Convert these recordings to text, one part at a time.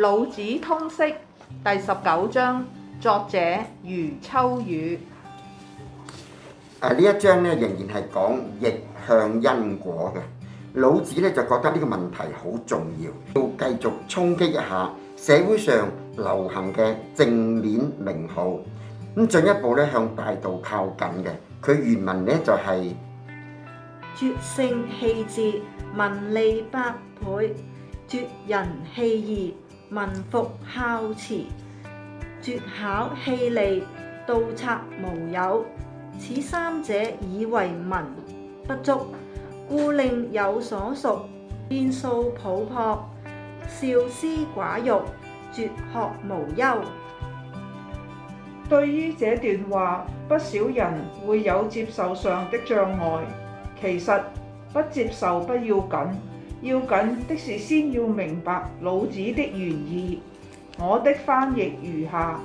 老子通識第十九章，作者余秋雨。誒、啊，呢一章咧，仍然係講逆向因果嘅。老子呢，就覺得呢個問題好重要，要繼續衝擊一下社會上流行嘅正面名號，咁進一步呢，向大道靠近嘅。佢原文呢，就係、是、絕聖棄智，民利百倍，絕仁棄義。民服孝慈，絕巧棄利，盜賊無有。此三者以為文不足，故令有所屬。見素抱樸，少私寡欲，絕學無憂。對於這段話，不少人會有接受上的障礙。其實不接受不要緊。要緊的是，先要明白老子的原意。我的翻譯如下：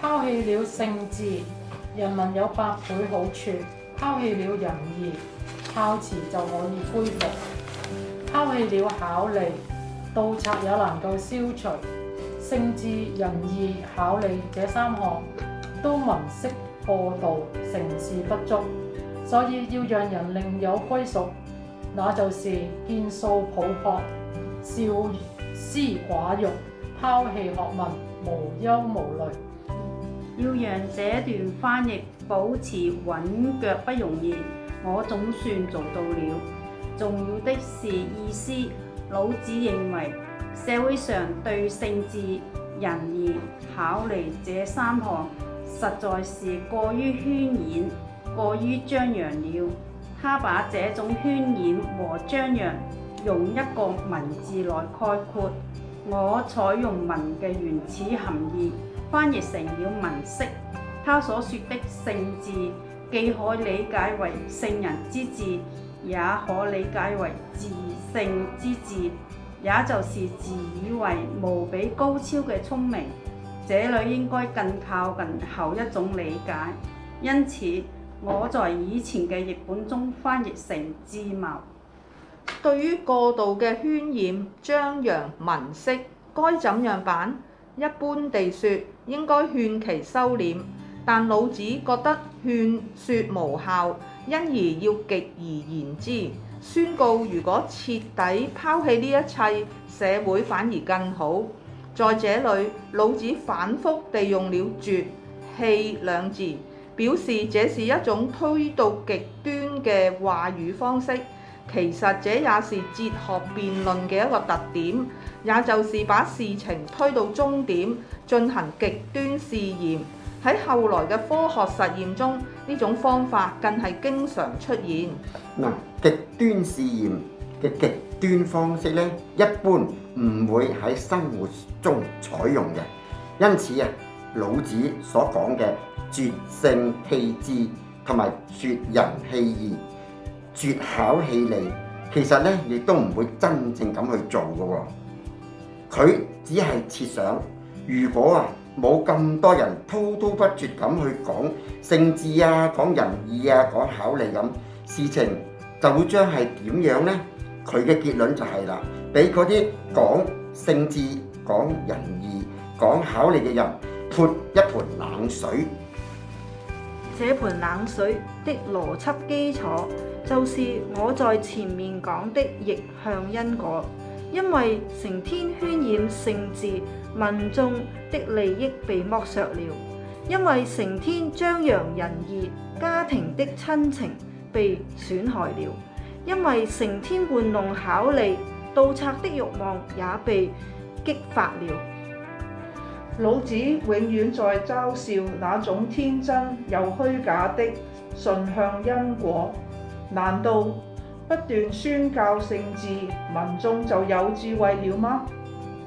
拋棄了聖智，人民有百倍好處；拋棄了仁義，孝慈就可以恢復；拋棄了巧利，盜賊也能夠消除。聖智、仁義、巧利這三項都文識過度，成事不足，所以要讓人另有歸屬。那就是見素抱樸，少私寡欲，拋棄學問，無憂無慮。要讓這段翻譯保持穩腳不容易，我總算做到了。重要的是意思。老子認為社會上對聖智仁義考慮這三項，實在是過於渲染、過於張揚了。他把這種渲染和張揚用一個文字來概括，我採用文嘅原始含義，翻譯成了文式。他所說的聖字，既可理解為聖人之字，也可理解為自聖之字，也就是自以為無比高超嘅聰明。這裡應該更靠近後一種理解，因此。我在以前嘅譯本中翻譯成自謀。對於過度嘅渲染、張揚文飾，該怎樣辦？一般地說，應該勸其收斂。但老子覺得勸説無效，因而要極而言之，宣告如果徹底拋棄呢一切，社會反而更好。在這裡，老子反覆地用了絕棄兩字。表示這是一種推到極端嘅話語方式，其實，這也是哲學辯論嘅一個特點，也就是把事情推到終點進行極端試驗。喺後來嘅科學實驗中，呢種方法更係經常出現。嗯，極端試驗嘅極端方式咧，一般唔會喺生活中採用嘅，因此啊，老子所講嘅。絕聖棄智同埋絕仁棄義，絕巧棄利，其實呢亦都唔會真正咁去做噶、哦。佢只係設想，如果啊冇咁多人滔滔不絕咁去講聖智啊、講仁義啊、講巧利咁，事情就會將係點樣呢？佢嘅結論就係啦，俾嗰啲講聖智、講仁義、講巧利嘅人潑一盆冷水。這盆冷水的邏輯基礎，就是我在前面講的逆向因果，因為成天渲染聖智，民眾的利益被剝削了；因為成天張揚仁義，家庭的親情被損害了；因為成天玩弄巧利，盜賊的欲望也被激發了。老子永遠在嘲笑那種天真又虛假的順向因果。難道不斷宣教聖智，民眾就有智慧了嗎？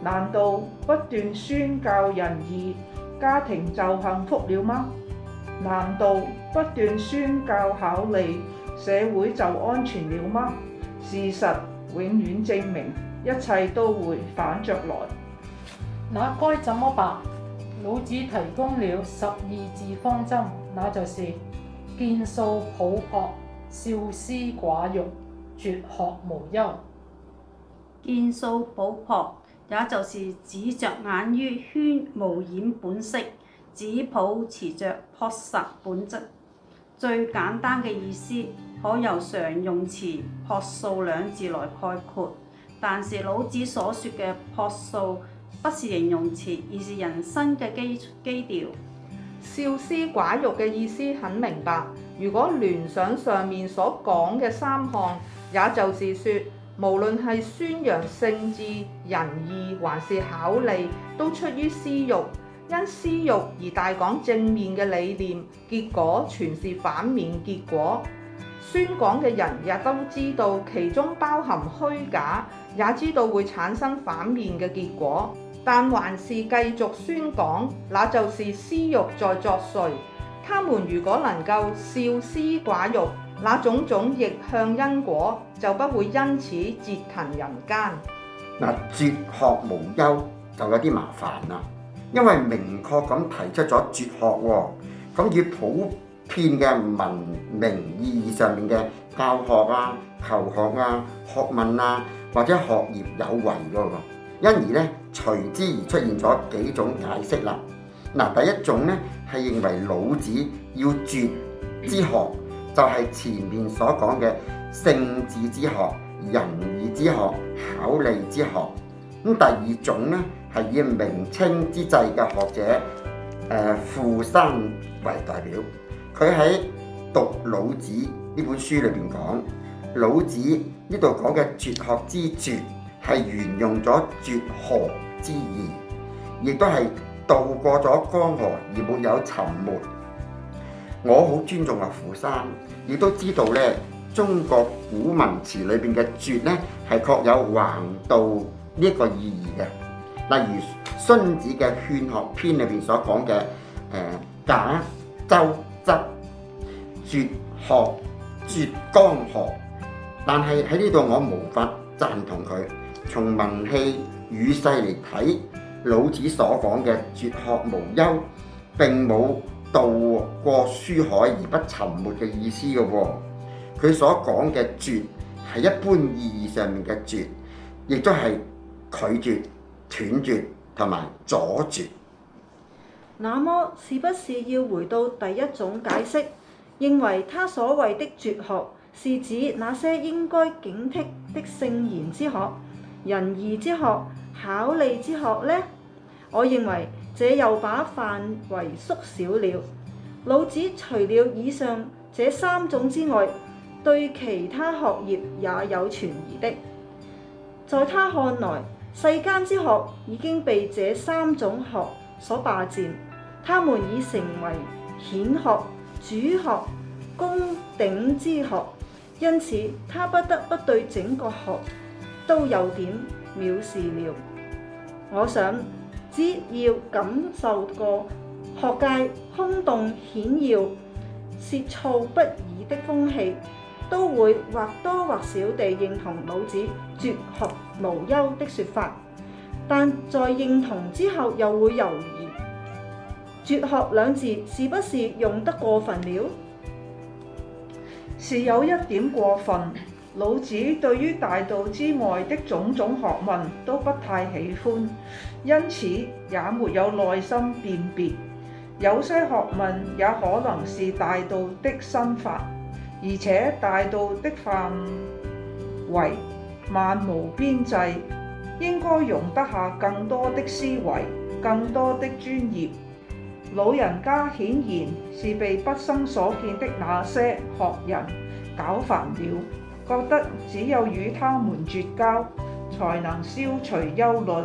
難道不斷宣教仁義，家庭就幸福了嗎？難道不斷宣教考慮，社會就安全了嗎？事實永遠證明，一切都會反着來。那該怎麼辦？老子提供了十二字方針，那就是見素抱朴、少私寡欲、絕學無憂。見素抱朴，也就是指着眼於圈無染本色，只保持着朴實本質。最簡單嘅意思，可由常用詞朴素兩字來概括。但是老子所說嘅朴素不是形容詞，而是人生嘅基基調。少私寡欲嘅意思很明白。如果聯想上面所講嘅三項，也就是說，無論係宣揚聖智仁義，還是考利，都出於私欲。因私欲而大講正面嘅理念，結果全是反面結果。宣講嘅人也都知道其中包含虛假，也知道會產生反面嘅結果。但還是繼續宣講，那就是私欲在作祟。他們如果能夠少私寡欲，那種種逆向因果就不會因此折騰人間。嗱，絕學無憂就有啲麻煩啦，因為明確咁提出咗絕學喎，咁以普遍嘅文明意義上面嘅教學啊、求學啊、學問啊或者學業有為嗰因而咧，隨之而出現咗幾種解釋啦。嗱，第一種咧係認為老子要絕之學，就係、是、前面所講嘅聖智之學、仁義之學、巧利之學。咁第二種咧係以明清之際嘅學者誒傅、呃、山為代表，佢喺讀老子呢本書裏邊講，老子呢度講嘅絕學之絕。係沿用咗絕河之意，亦都係渡過咗江河而沒有沉沒。我好尊重阿、啊、傅山，亦都知道咧，中國古文詞裏邊嘅絕咧，係確有橫渡呢一個意義嘅。例如荀子嘅《勸學篇裏面》裏邊所講嘅誒假舟則絕學絕江河，但係喺呢度我無法贊同佢。從文氣語勢嚟睇，老子所講嘅絕學無憂，並冇渡過書海而不沉沒嘅意思嘅喎。佢所講嘅絕係一般意義上面嘅絕，亦都係拒絕、斷絕同埋阻絕。那麼，是不是要回到第一種解釋，認為他所謂的絕學是指那些應該警惕的聖言之學？仁義之學、巧利之學呢？我認為這又把範圍縮小了。老子除了以上這三種之外，對其他學業也有存疑的。在他看來，世間之學已經被這三種學所霸佔，他們已成為顯學、主學、公頂之學，因此他不得不對整個學都有點藐視了。我想只要感受過學界空洞顯耀、舌燥不已的風氣，都會或多或少地認同老子絕學無憂的說法。但在認同之後又會猶豫「絕學」兩字是不是用得過分了？是有一點過分。老子對於大道之外的種種學問都不太喜歡，因此也沒有耐心辨別。有些學問也可能是大道的心法，而且大道的範圍漫無邊際，應該容得下更多的思維、更多的專業。老人家顯然是被畢生所見的那些學人搞煩了。覺得只有與他們絕交，才能消除憂慮。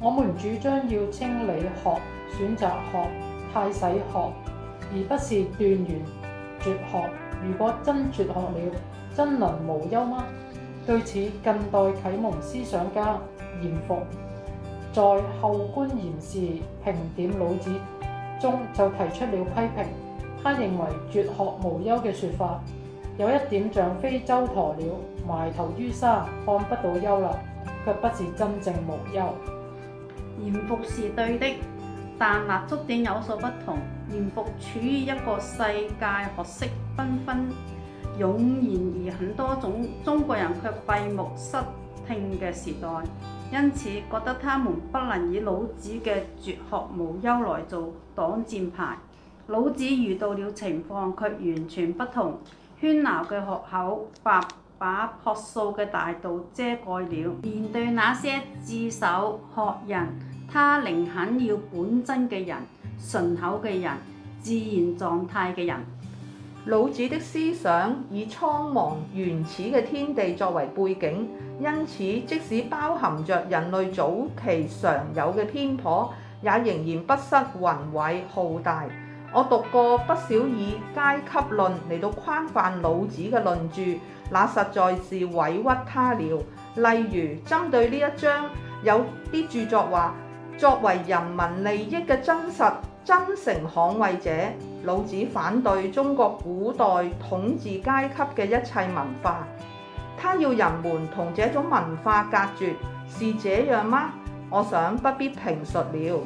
我們主張要清理學、選擇學、汰洗學，而不是斷言絕學。如果真絕學了，真能無憂嗎？對此，近代啟蒙思想家嚴復在《侯官嚴氏評點老子》中就提出了批評。他認為絕學無憂嘅說法，有一點像非洲鴕鳥，埋頭於沙，看不到憂樂，卻不是真正無憂。嚴復是對的，但立足點有所不同。嚴復處於一個世界學識紛紛湧現而很多種中國人卻閉目失聽嘅時代，因此覺得他們不能以老子嘅絕學無憂來做擋箭牌。老子遇到了情況，卻完全不同。喧鬧嘅學口，白把樸素嘅大道遮蓋了。面對那些自首學人，他寧肯要本真嘅人、純口嘅人、自然狀態嘅人。老子的思想以蒼茫原始嘅天地作為背景，因此即使包含着人類早期常有嘅偏頗，也仍然不失宏偉浩大。我讀過不少以階級論嚟到框範老子嘅論著，那實在是委屈他了。例如針對呢一章，有啲著作話，作為人民利益嘅真實、真誠捍衞者，老子反對中國古代統治階級嘅一切文化，他要人們同這種文化隔絕，是這樣嗎？我想不必評述了。